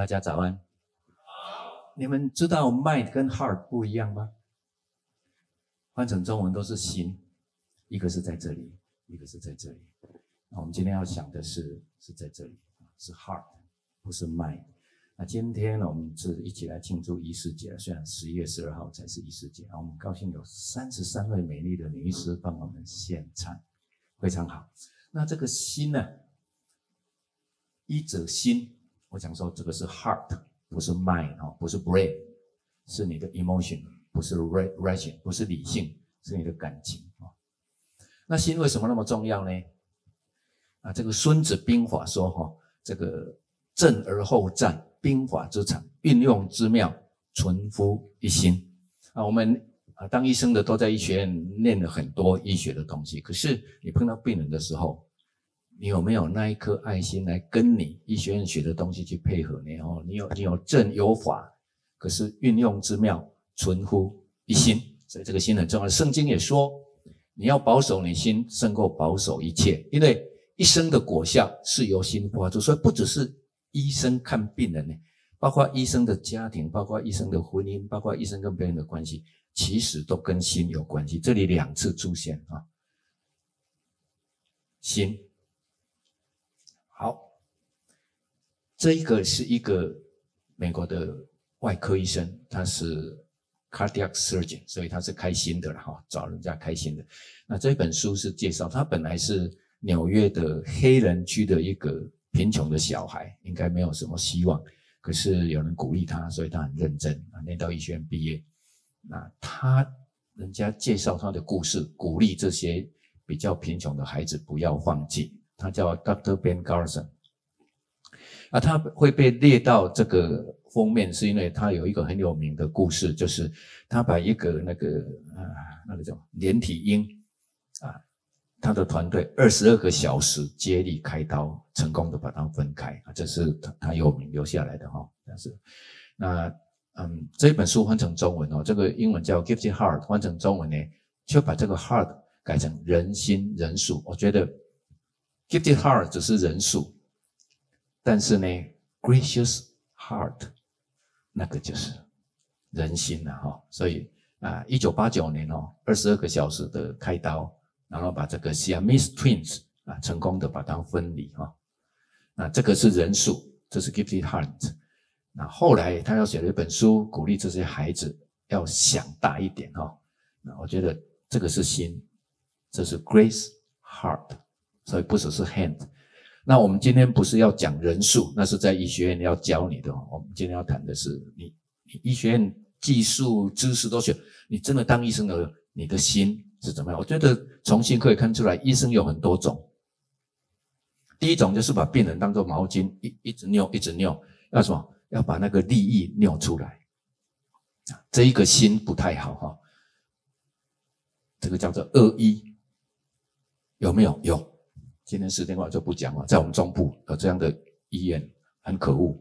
大家早安。你們知道 “mind” 跟 “heart” 不一樣嗎？換成中文都是「心」，一個是在這裡，一個是在這裡。那我們今天要想的是是在這裡，是 “heart”，不是 “mind”。那今天呢，我們是一起來慶祝醫師節，雖然十一月十二號才是醫師節，我們高興有三十三位美麗的女醫師幫我們獻唱，非常好。那這個「心」呢？醫者心。我想說，這個是 heart，不是 mind 啊，不是 brain，是你的 emotion，不是 reason，不是理性，是你的感情啊。那心為什麼那麼重要呢？啊，這個《孫子兵法》說、啊、哈，這個“陣而後戰”，兵法之常，運用之妙，存乎一心。啊，我們啊當醫生的都在醫學院念了很多醫學的東西，可是你碰到病人的時候，你有沒有那一顆愛心來跟你醫學院學的東西去配合你哦，你有你有正有法，可是運用之妙，存乎一心。所以這個心很重要。聖經也說，你要保守你心，勝過保守一切，因為一生的果效是由心發出。所以不只是醫生看病人呢，包括醫生的家庭，包括醫生的婚姻，包括醫生跟別人的關係，其實都跟心有關係。這裡兩次出現啊，心。好，這一個是一個美國的外科醫生，他是 cardiac surgeon，所以他是開心的了哈，找人家開心的。那這本書是介紹他本來是紐約的黑人區的一個貧窮的小孩，應該沒有什麼希望，可是有人鼓勵他，所以他很認真啊，念到醫學院畢業。那他人家介紹他的故事，鼓勵這些比較貧窮的孩子不要放棄。他叫 Doctor Ben Carson 啊，他會被列到這個封面，是因為他有一個很有名的故事，就是他把一個那個啊，那個叫連體嬰啊，他的團隊二十二個小時接力開刀，成功的把它分開啊，這是他他有名留下來的哈，這樣子。但是，那嗯，這本書換成中文哦，這個英文叫 Gifted Heart 換成中文呢，就把這個 Heart 改成仁心仁術，我覺得。Gifted Heart 只是人數，但是呢，Gracious Heart 那個就是人心了哈。所以啊，一九八九年哦，二十二個小時的開刀，然後把這個 Siamese Twins 啊成功的把它分離哈。那這個是人數，這是 Gifted Heart。那後來他要寫了一本書，鼓勵這些孩子要想大一點哈。那我覺得這個是心，這是 Gracious Heart。所以不只是 hand。那我們今天不是要講人數，那是在醫學院要教你的。我們今天要談的是你，你醫學院技術知識都學，你真的當醫生的，你的心是怎麼樣？我覺得重新可以看出來，醫生有很多種。第一種就是把病人當做毛巾，一一直擰，一直擰，要什麼？要把那個利益擰出來。這一個心不太好哈。這個叫做惡醫，有沒有？有。今天時間話，就不講了。在我們中部，呃，有這樣的醫院很可惡。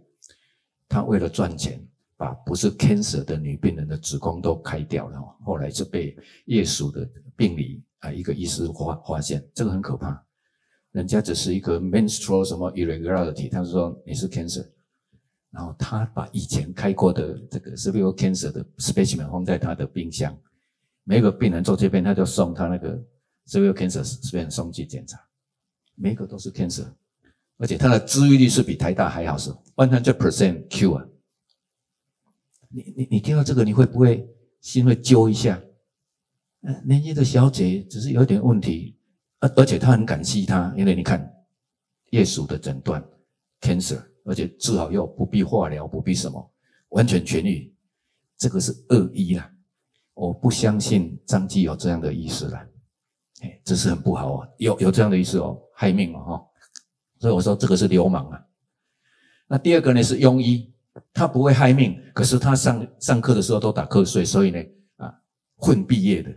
他為了賺錢，把不是 cancer 的女病人的子宮都開掉了。後來就被業屬的病理啊，一個醫師發發現，這個很可怕。人家只是一個 menstrual 什麼 irregularity，他就說你是 cancer。然後他把以前開過的這個 cervical cancer 的 specimen 放在他的冰箱。每個病人坐這邊，他就送他那個 cervical cancer specimen 送去檢查。每一個都是 cancer，而且他的治癒率是比台大還好是，是 one hundred percent cure。你你你聽到這個，你會不會心會揪一下？嗯，年輕的小姐只是有點問題，而而且她很感激他，因為你看夜叔的診斷 cancer，而且治好又不必化療，不必什麼，完全痊癒，這個是惡醫啦、啊！我不相信張繼有這樣的意思啦。這是很不好哦，有有這樣的意思哦，害命哦，所以我說這個是流氓啊。那第二個呢是庸醫，他不會害命，可是他上上課的時候都打瞌睡，所以呢啊混畢業的，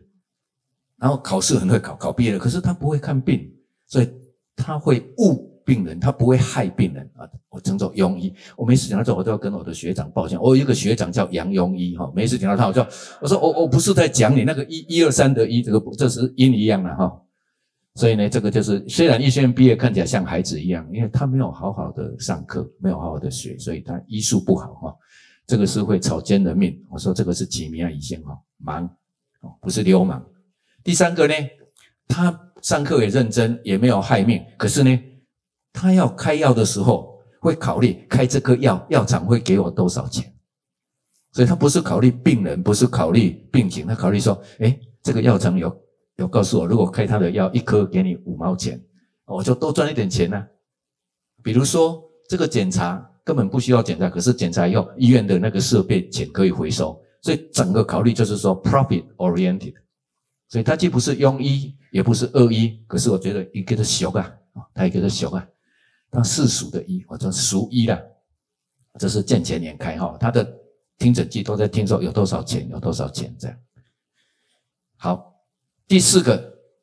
然後考試很會考，考畢業的，可是他不會看病，所以他會誤。病人他不會害病人啊！我稱作庸醫。我每次講到這，我都要跟我的學長抱歉。我有一個學長叫楊庸醫哈，每次講到他我就我說我我不是在講你那個一一二三得一這個這是陰一樣的、啊、哈。所以呢，這個就是雖然醫學院畢業看起來像孩子一樣，因為他沒有好好的上課，沒有好好的學，所以他醫術不好哈。這個是會草菅人命。我說這個是起名啊，一線哈，盲不是流氓。第三個呢，他上課也認真，也沒有害命，可是呢。他要開藥的時候，會考慮開這顆藥，藥廠會給我多少錢，所以他不是考慮病人，不是考慮病情，他考慮說，哎、欸，這個藥廠有有告訴我，如果開他的藥，一顆給你五毛錢，我就多賺一點錢呢、啊。比如說，這個檢查根本不需要檢查，可是檢查以後醫院的那個設備錢可以回收，所以整個考慮就是說 profit oriented。所以他既不是庸醫，也不是惡醫，可是我覺得一個是俗啊，他也啊，他一個修啊。當世俗的醫，我說俗醫啦，這是見錢眼開哈。他的聽診器都在聽說有多少錢，有多少錢這樣。好，第四個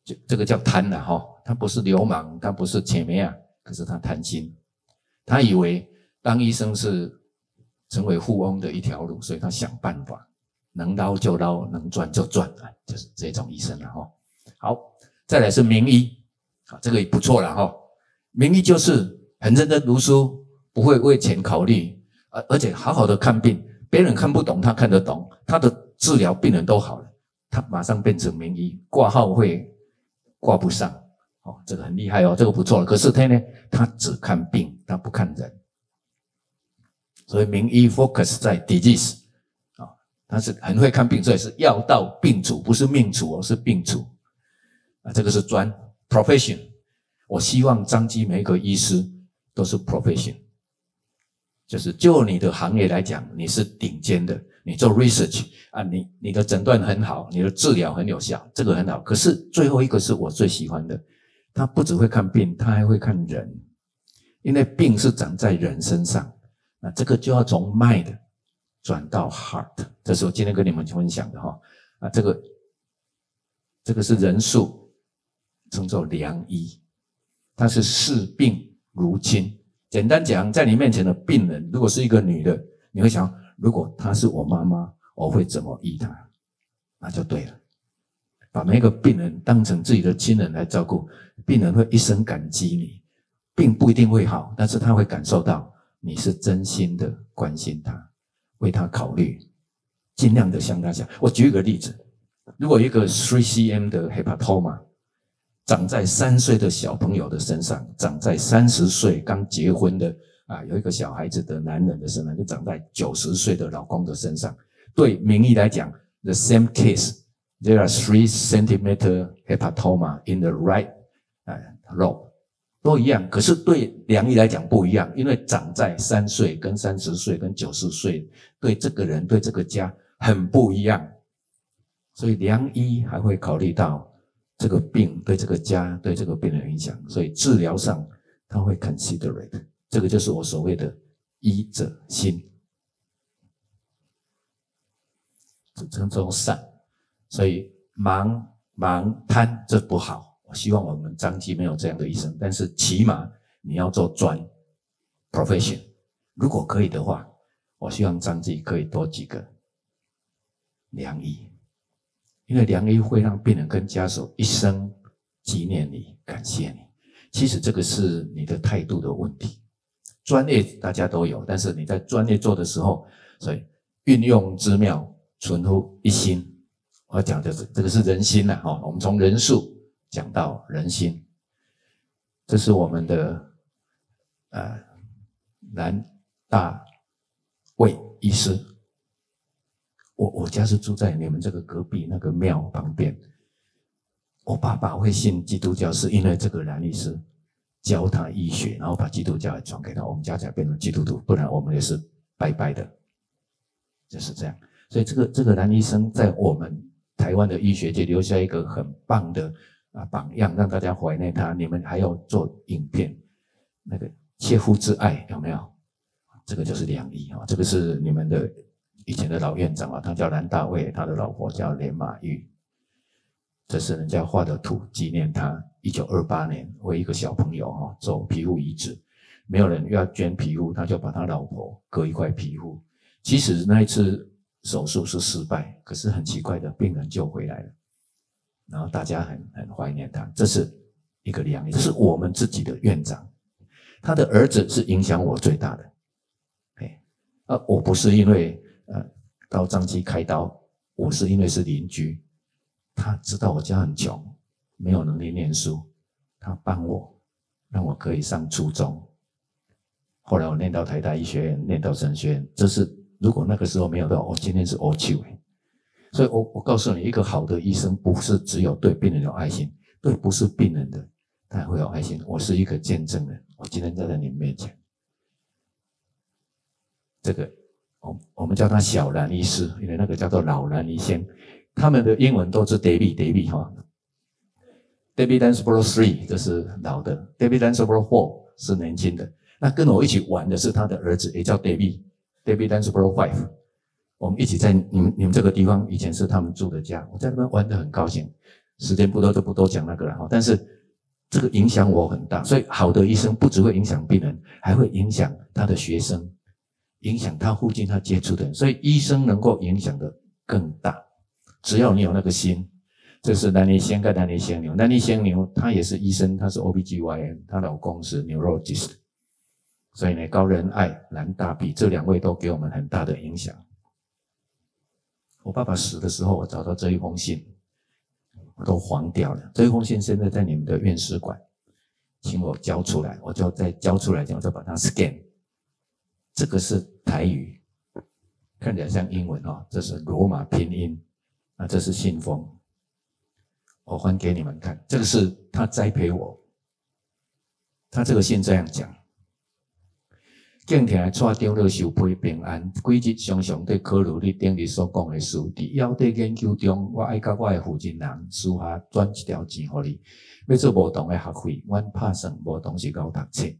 就這個叫貪啦哈、哦，他不是流氓，他不是錢沒啊，可是他貪心，他以為當醫生是成為富翁的一條路，所以他想辦法能撈就撈，能賺就賺，就是這種醫生了哈、哦。好，再來是名醫啊，這個也不錯了哈、哦，名醫就是。很認真讀書，不會為錢考慮，而而且好好的看病，別人看不懂他看得懂，他的治療病人都好了，他馬上變成名醫，掛號會掛不上，哦，這個很厲害哦，這個不錯了。可是他呢，他只看病，他不看人，所以名醫 focus 在 disease，啊、哦，他是很會看病，所以是藥到病除，不是命除，哦是病除，啊，這個是專 profession，我希望張基梅個醫師。都是 profession，就是就你的行業來講，你是頂尖的。你做 research 啊，你你的診斷很好，你的治療很有效，這個很好。可是最後一個是我最喜歡的，他不只會看病，他還會看人，因為病是長在人身上。那這個就要從 mind 轉到 heart，這是我今天跟你們分享的哈。啊，這個這個是仁術，稱作良醫，它是治病。如今，簡單講，在你面前的病人，如果是一個女的，你會想，如果她是我媽媽，我會怎麼醫她？那就對了，把每個病人當成自己的親人來照顧，病人會一生感激你。並不一定會好，但是他會感受到你是真心的關心他，為他考慮，盡量的向他講。我舉一個例子，如果一個 three cm 的 hepatoma。長在三歲的小朋友的身上，長在三十歲剛結婚的啊，有一個小孩子的男人的身上，就長在九十歲的老公的身上。對名醫來講，the same case, there are three centimeter hepatoma in the right lobe 都一樣。可是對良醫來講不一樣，因為長在三歲跟三十歲跟九十歲，對這個人對這個家很不一樣，所以良醫還會考慮到。這個病對這個家對這個病人影響，所以治療上他會 considerate，這個就是我所謂的醫者心，稱從從善。所以忙忙貪這不好。我希望我們彰基沒有這樣的醫生，但是起碼你要做專，profession。如果可以的話，我希望彰基可以多幾個良醫。因為良醫會讓病人跟家屬一生紀念你，感謝你。其實這個是你的態度的問題。專業大家都有，但是你在專業做的時候，所以運用之妙，存乎一心。我要講的是這個是人心啦，啊、哈，我們從人數講到人心，這是我們的呃南大魏醫師。我我家是住在你們這個隔壁那個廟旁邊。我爸爸會信基督教，是因為這個蘭醫師教他醫學，然後把基督教傳給他。我們家才變成基督徒，不然我們也是拜拜的，就是這樣。所以這個這個蘭醫生在我們台灣的醫學界留下一個很棒的啊榜樣，讓大家懷念他。你們還要做影片，那個切膚之愛有沒有？這個就是良醫啊，這個是你們的。以前的老院長啊，他叫蘭大衛，他的老婆叫連瑪玉。這是人家畫的圖紀念他。一九二八年，為一個小朋友哈做皮膚移植，沒有人要捐皮膚，他就把他老婆割一塊皮膚。其實那一次手術是失敗，可是很奇怪的，病人救回來了。然後大家很很懷念他，這是一個良醫，這是我們自己的院長。他的兒子是影響我最大的。哎、欸，啊，我不是因為。到彰基開刀，我是因為是鄰居，他知道我家很窮，沒有能力念，念書，他幫我，讓我可以上初中。後來我念到台大醫學院，念到神學院，這是如果那個時候沒有的話，哦，我今天是歐啟偉。所以我，我我告訴你，一個好的醫生不是只有對病人有愛心，對不是病人的，他也會有愛心。我是一個見證人，我今天站在你面前，這個。我、哦、我們叫他小蘭醫師，因為那個叫做老蘭醫生。他們的英文都是 David，David 哈 David，哦。David Landsborough Three 這是老的，David Landsborough Four 是年輕的。那跟我一起玩的是他的兒子，也叫 David，David Landsborough Five。我們一起在你們你們這個地方，以前是他們住的家，我在那邊玩得很高興。時間不多，就不多講那個了哈、哦。但是這個影響我很大，所以好的醫生不只會影響病人，還會影響他的學生。影響他附近他接觸的人，所以醫生能夠影響的更大。只要你有那個心，這是南妮仙鈣、南妮仙牛、南妮仙牛，她也是醫生，她是 O B G Y N，她老公是 neurologist。所以呢，高仁愛、蘭大弼這兩位都給我們很大的影響。我爸爸死的時候，我找到這一封信，我都黃掉了。這一封信現在在你們的院士館，請我交出來，我就在交出來前，我就把它 scan。這個是台語，看起來像英文哦。這是羅馬拼音，啊，這是信封。我還給你們看，這個是他栽培我，他這個信這樣講。天平安，規常常你頂日所講的書。研究中，我愛甲我的父親人私下轉一條錢給你，要做不同的學費。我打算不同時讀書。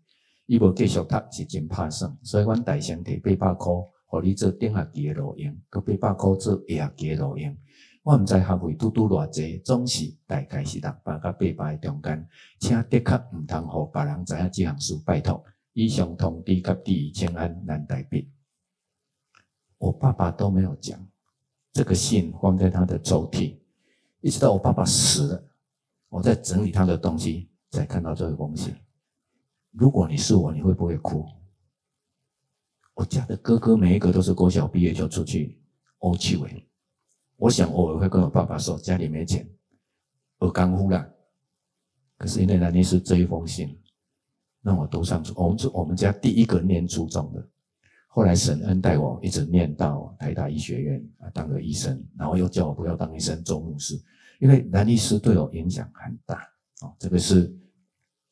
伊無繼續讀是真拍算，所以阮大聲摕八百箍，互你做頂學期的路用，擱八百箍做下學期的路用。我毋知學費拄拄偌濟，總是大概是六百甲八百的中間。請的確毋通，互別人知影即項事，拜托。以上通知甲第一請安難代辦。我爸爸都沒有講，這個信放在他的抽屜，一直到我爸爸死了，我在整理他的東西，才看到這個東西。如果你是我，你會不會哭？我家的哥哥每一個都是國小畢業就出去歐氣為我想偶爾會跟我爸爸說，家裡沒錢，我剛富了。可是因為蘭醫師這一封信，讓我讀上書。我們是，我們家第一個念初中的。後來神恩待我，一直念到台大醫學院啊，當個醫生。然後又叫我不要當醫生，做牧師。因為蘭醫師對我影響很大啊、哦，這個是。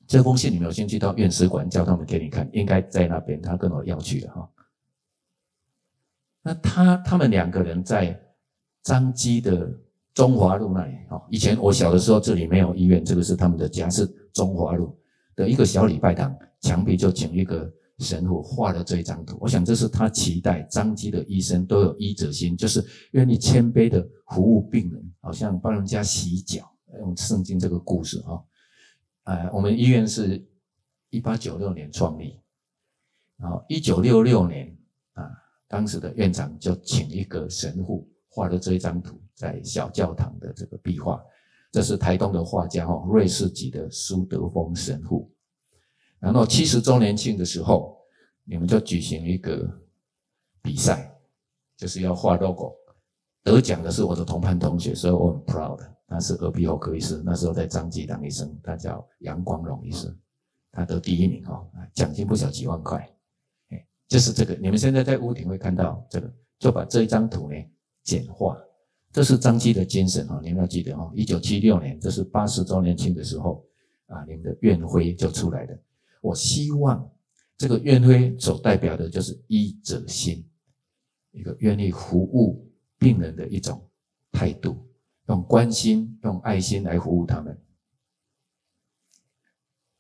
這封信你沒有興趣到院史館，叫他們給你看，應該在那邊。他跟我要去的哈。那他他們兩個人在彰基的中華路那裡，以前我小的時候這裡沒有醫院，這個是他們的家，是中華路的一個小禮拜堂，牆壁就請一個神父畫了這張圖。我想這是他期待彰基的醫生都有醫者心，就是願意謙卑的服務病人，好像幫人家洗腳，用聖經這個故事。呃，我們醫院是一八九六年創立，然後一九六六年啊，當時的院長就請一個神父畫了這一張圖，在小教堂的這個壁畫，這是台東的畫家哦，瑞士籍的蘇德豐神父。然後七十周年慶的時候，你們就舉行一個比賽，就是要畫 logo，得獎的是我的同班同學，所以我很 proud。他是耳鼻喉科醫師，那時候在彰基當醫生，他叫楊光榮醫生，他得第一名哦，獎金不小，幾萬塊。哎，就是這個，你們現在在屋頂會看到這個，就把這一張圖呢簡化，這是彰基的精神哦，你們要記得哦。一九七六年，這、就是八十周年慶的時候啊，你們的院徽就出來的。我希望這個院徽所代表的就是醫者心，一個願意服務病人的一種態度。用關心、用愛心來服務他們。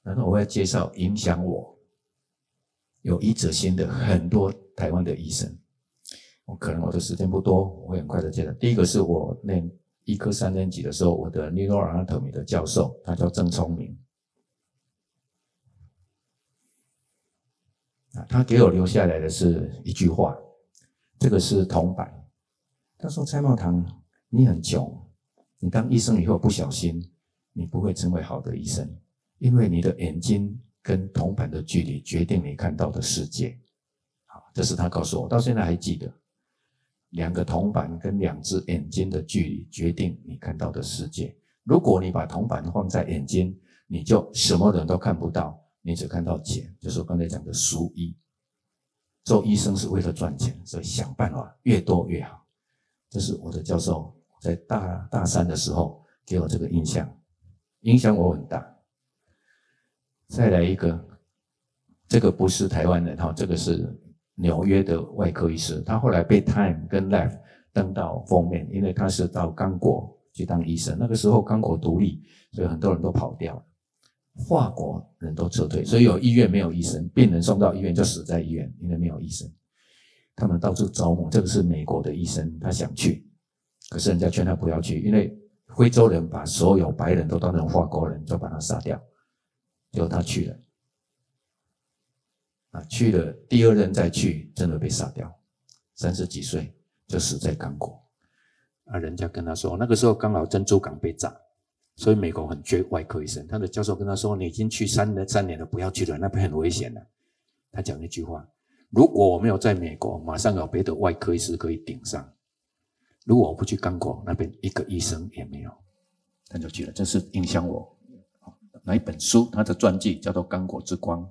然後我會介紹影響我有醫者心的很多台灣的醫生。我可能我的時間不多，我會很快的介紹。第一個是我念醫科三年級的時候，我的 Neuroanatomy 的教授，他叫鄭聰明。啊，他給我留下來的是一句話，這個是銅板。他說：“蔡茂堂，你很窮。”你當醫生以後不小心，你不會成為好的醫生，因為你的眼睛跟銅板的距離決定你看到的世界。好，這是他告訴我，我到現在還記得。兩個銅板跟兩隻眼睛的距離決定你看到的世界。如果你把銅板放在眼睛，你就什麼人都看不到，你只看到錢。就是我剛才講的俗醫，做醫生是為了賺錢，所以想辦法越多越好。這是我的教授。在大大三的時候，給我這個印象，影響我很大。再來一個，這個不是台灣人哈、哦，這個是紐約的外科醫師。他後來被《Time》跟《Life》登到封面，因為他是到剛果去當醫生。那個時候剛果獨立，所以很多人都跑掉了，法國人都撤退，所以有醫院沒有醫生，病人送到醫院就死在醫院，因為沒有醫生。他們到處招募，這個是美國的醫生，他想去。可是人家勸他不要去，因為非洲人把所有白人都當成法國人，就把他殺掉。結果他去了，啊，去了第二任再去，真的被殺掉，三十幾歲就死在剛果。啊，人家跟他說，那個時候剛好珍珠港被炸，所以美國很缺外科醫生。他的教授跟他說，你已經去三年三年了，不要去了，那邊很危險了。他講一句話：如果我沒有在美國，馬上有別的外科醫師可以頂上。如果我不去剛果那邊，一個醫生也沒有。他、嗯、就去了，這是影響我。那一本書，他的傳記叫做《剛果之光》。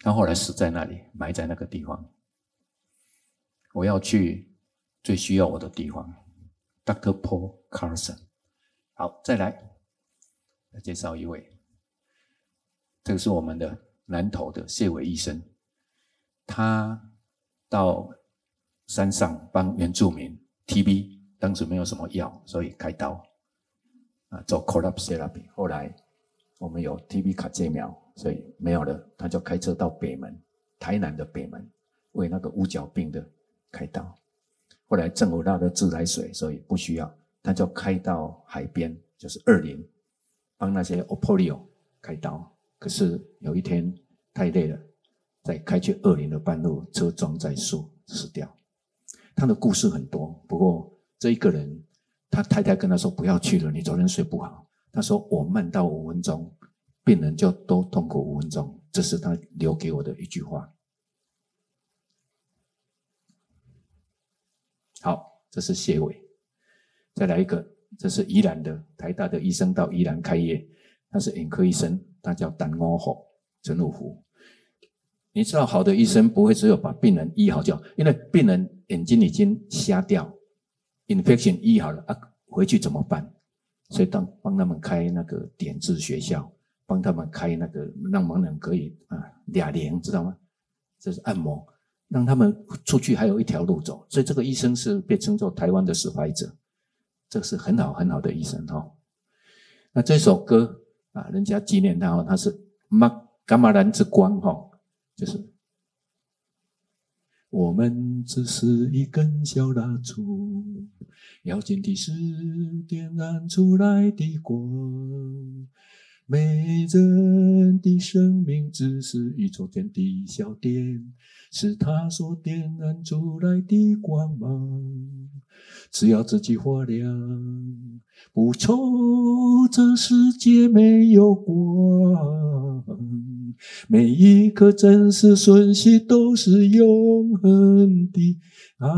他後來死在那裡，埋在那個地方。我要去最需要我的地方。Dr. Paul Carson，好，再來，來介紹一位。這個是我們的南投的謝維醫生，他到。山上幫原住民 T B，當時沒有什麼藥，所以開刀啊，做 collapse therapy。後來我們有 T B 卡介苗，所以沒有了。他就開車到北門，台南的北門，為那個烏腳病的開刀。後來政府拉了自來水，所以不需要。他就開到海邊，就是二林，幫那些 polio 開刀。可是有一天太累了，在開去二林的半路，車撞在樹死掉。他的故事很多，不過這一個人，他太太跟他說：“不要去了，你昨天睡不好。”他說：“我慢到五分鐘，病人就多痛苦五分鐘。”這是他留給我的一句話。好，這是謝緯。再來一個，這是宜蘭的台大的醫生到宜蘭開業，他是眼科醫生，他叫丹阿火陳五福。你知道好的醫生不會只有把病人醫好就好，因為病人眼睛已經瞎掉，infection、嗯、醫好了啊，回去怎麼辦？所以當幫他們開那個點字學校，幫他們開那個讓盲人可以啊，倆連知道嗎？這是按摩，讓他們出去還有一條路走。所以這個醫生是被稱作台灣的史懷哲，這個是很好很好的醫生哦。那這首歌啊，人家紀念他哦，他是噶瑪蘭之光哈。就是，我們只是一根小蠟燭，要緊的是點燃出來的光。每人的生命只是宇宙間的小點，是它所點燃出來的光芒。只要自己發亮，不愁這世界沒有光。每一刻真實瞬息都是永恆的啊！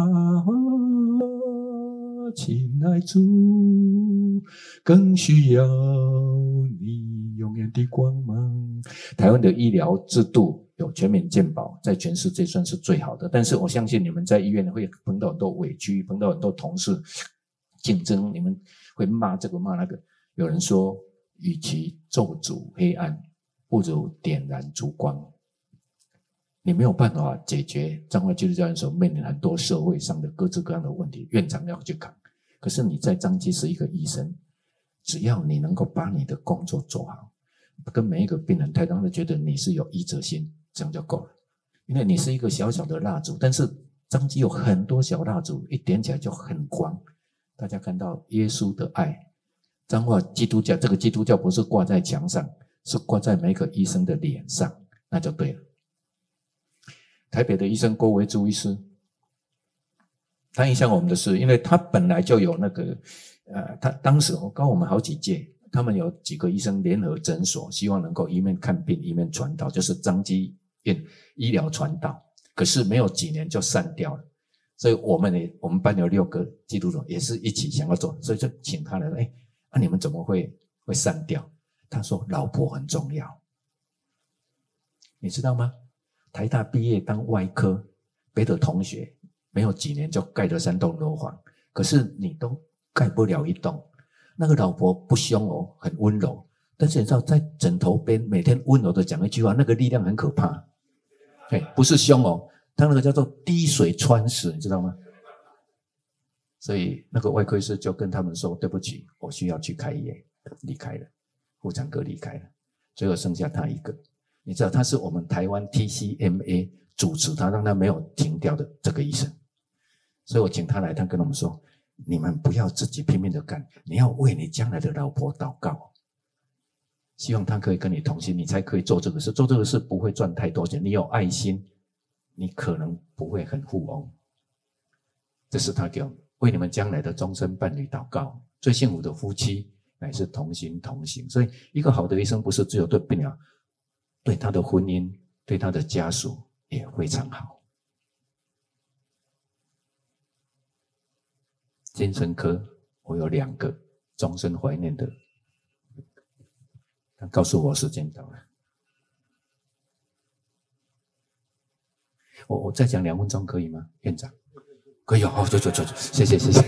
親愛主，更需要你永遠的光芒。台灣的醫療制度有全民健保，在全世界算是最好的，但是我相信你們在醫院會碰到很多委屈，碰到很多同事競爭，你們會罵這個罵那個。有人說，與其咒詛黑暗。不如點燃燭光，你沒有辦法解決彰化基督教人所面臨很多社會上的各式各樣的問題。院長要去扛，可是你在彰基是一個醫生，只要你能夠把你的工作做好，跟每一個病人，他讓他覺得你是有醫者心，這樣就夠了。因為你是一個小小的蠟燭，但是彰基有很多小蠟燭，一點起來就很光。大家看到耶穌的愛，彰化基督教這個基督教不是掛在牆上。是掛在每個醫生的臉上，那就對了。台北的醫生郭維朱醫師，他影響我們的是，因為他本來就有那個，呃，他當時高我們好幾屆，他們有幾個醫生聯合診所，希望能夠一面看病一面傳道，就是彰基院醫療傳道。可是沒有幾年就散掉了，所以我們也我們班有六個基督徒也是一起想要做，所以就請他來，說，哎，那、啊、你們怎麼會會散掉？他說：“老婆很重要，你知道嗎？台大畢業當外科，別的同學沒有幾年就蓋了三棟樓房，可是你都蓋不了一棟。那個老婆不凶哦，很溫柔。但是你知道，在枕頭邊每天溫柔的講一句話，那個力量很可怕。嗯、嘿，不是凶哦，他那個叫做滴水穿石，你知道嗎？所以那個外科醫師就跟他們說：對不起，我需要去開業，離開了。”婦長哥離開了，最後剩下他一個。你知道他是我們台灣 TCMA 主持他，他讓他沒有停掉的這個醫生，所以我請他來，他跟我們說：“你們不要自己拼命的幹，你要為你將來的老婆禱告，希望他可以跟你同心，你才可以做這個事。做這個事不會賺太多錢，你有愛心，你可能不會很富翁。”這是他給我們為你們將來的終身伴侶禱告，最幸福的夫妻。乃是同行同行，所以一個好的醫生不是只有對病人，對他的婚姻，對他的家屬也非常好。精神科，我有兩個終身懷念的。他告訴我時間到了，我我再講兩分鐘可以嗎？院長，可以哦，好，哦，坐坐坐坐，謝謝、嗯、謝謝，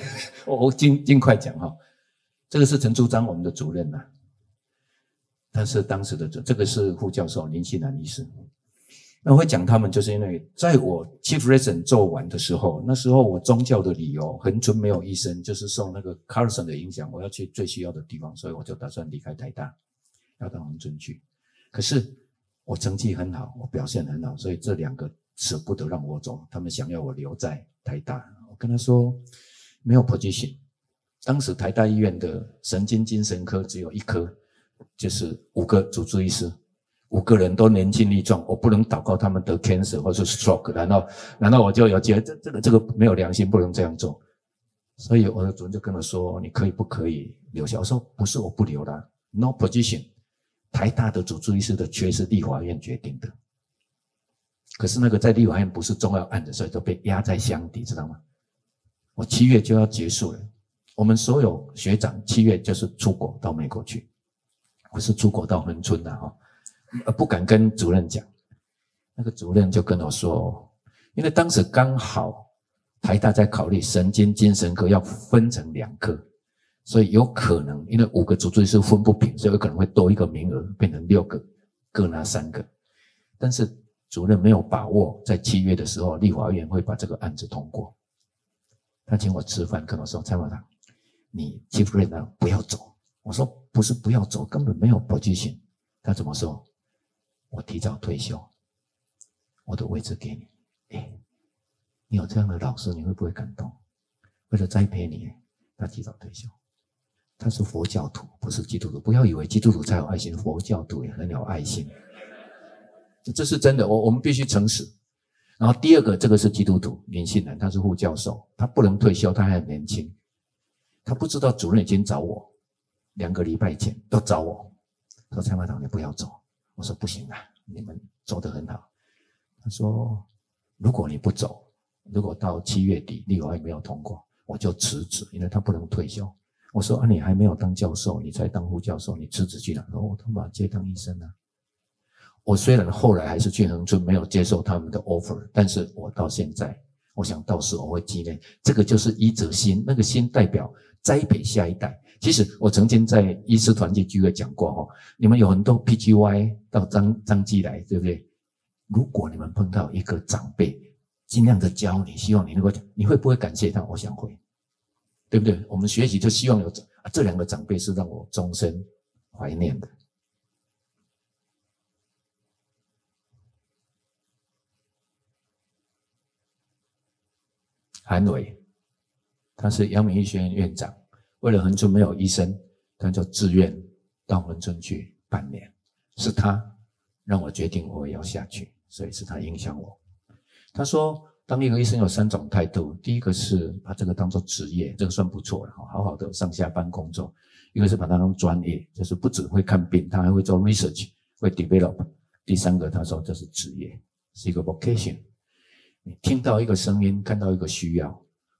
我我儘儘快講哈。這個是陳朱章，我們的主任吶、啊。他是當時的主，這個是副教授林信南醫生。那我會講他們，就是因為在我 Chief Resident 做完的時候，那時候我宗教的理由，恆春沒有醫生，就是受那個 Carlson 的影響，我要去最需要的地方，所以我就打算離開台大，要到恆春去。可是我成績很好，我表現很好，所以這兩個捨不得讓我走，他們想要我留在台大。我跟他說，沒有 position。當時台大醫院的神經精神科只有一科，就是五個主治醫師，五個人都年輕力壯。我不能禱告他們得 cancer 或是 stroke，然後，然後我就有覺得這這個這個沒有良心，不能這樣做。所以我的主任就跟我說：“你可以不可以留下？”我說：“不是我不留啦、啊，no position。台大的主治醫師的缺是立法院決定的。可是那個在立法院不是重要案子，所以都被壓在箱底，知道嗎？我七月就要結束了。”我們所有學長七月就是出國到美國去，我是出國到恆春的啊，不敢跟主任講，那個主任就跟我說，因為當時剛好台大在考慮神經精神科要分成兩科，所以有可能因為五個主治醫師分不平，所以有可能會多一個名額變成六個，各拿三個，但是主任沒有把握在七月的時候立法院會把這個案子通過，他請我吃飯跟我說蔡茂堂。你 Jeffrey 呢？Chief Reiner, 不要走！我說不是不要走，根本沒有 position。他怎麼說？我提早退休，我的位置給你。誒，你有這樣的老師，你會不會感動？為了栽培你，他提早退休。他是佛教徒，不是基督徒。不要以為基督徒才有愛心，佛教徒也很有愛心。這是真的。我我們必須誠實。然後第二個，這個是基督徒年輕人，他是副教授，他不能退休，他還很年輕。他不知道主任已經找我，兩個禮拜前都找我，說蔡茂堂，你不要走。我說不行啊，你們走得很好。他說如果你不走，如果到七月底立法沒有通過，我就辭職，因為他不能退休。我說啊，你還沒有當教授，你才當副教授，你辭職去哪？哦，他把接當醫生啊。我雖然後來還是去恆春，沒有接受他們的 offer，但是我到現在，我想到時我會積累這個，就是醫者心，那個心代表，栽培下一代。其實我曾經在醫師團結聚會講過，哦。你們有很多 PGY 到彰彰基來，對不對？如果你們碰到一個長輩，盡量的教你，希望你能夠講，你會不會感謝他？我想會，對不對？我們學習就希望有這兩個長輩是讓我終身懷念的，韓偉他是陽明醫學院院長，為了恆春沒有醫生，他就自願到恆春去半年。是他讓我決定我也要下去，所以是他影響我。他說，當一個醫生有三種態度：第一個是把這個當做職業，這個算不錯了，好好的上下班工作；一個是把它當專業，就是不只會看病，他還會做 research，會 develop；第三個他說這是職業，是一個 vocation。你聽到一個聲音，看到一個需要。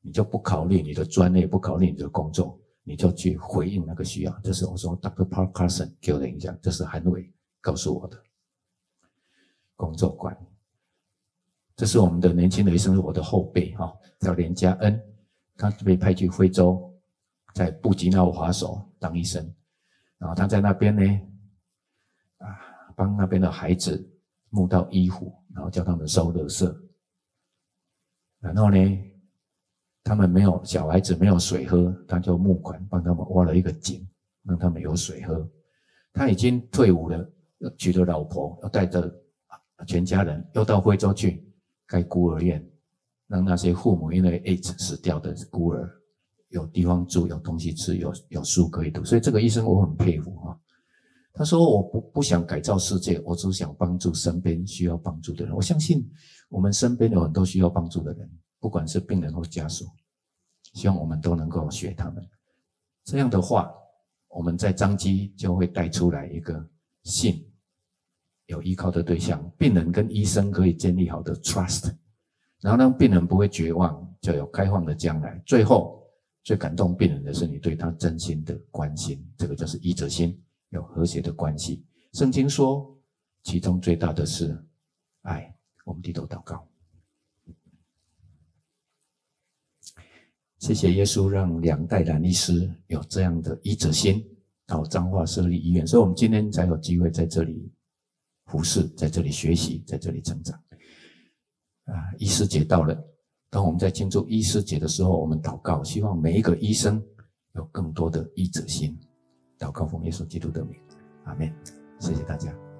你就不考慮你的專業，不考慮你的工作，你就去回應那個需要。這是我說，Dr. Park Carson 給我的影響。這是韓偉告訴我的工作觀。這是我們的年輕的醫生，我的後輩哈，叫連加恩，他被派去非洲，在布吉納法索當醫生。然後他在那邊呢，啊，幫那邊的孩子募到衣服，然後叫他們收垃圾。然後呢？他們沒有小孩子，沒有水喝，他就募款幫他們挖了一個井，讓他們有水喝。他已經退伍了，娶了老婆，要帶着全家人又到惠州去蓋孤兒院，讓那些父母因為 AIDS 死掉的孤兒有地方住，有東西吃，有有書可以讀。所以這個醫生我很佩服哈、啊。他說：“我不不想改造世界，我只想幫助身邊需要幫助的人。”我相信我們身邊有很多需要幫助的人。不管是病人或家屬，希望我們都能夠學他們。這樣的話，我們在張機就會帶出來一個信，有依靠的對象。病人跟醫生可以建立好的 trust，然後讓病人不會絕望，就有開放的將來。最後，最感動病人的是你對他真心的關心，這個就是醫者心，有和諧的關係。聖經說，其中最大的是愛。我們低頭禱告。謝謝耶穌，讓兩代蘭醫師有這樣的醫者心，到彰化設立醫院，所以我們今天才有機會在這裡服侍，在這裡學習，在這裡成長。啊，醫師節到了，當我們在慶祝醫師節的時候，我們禱告，希望每一個醫生有更多的醫者心。禱告奉耶穌基督的名，阿門。謝謝大家。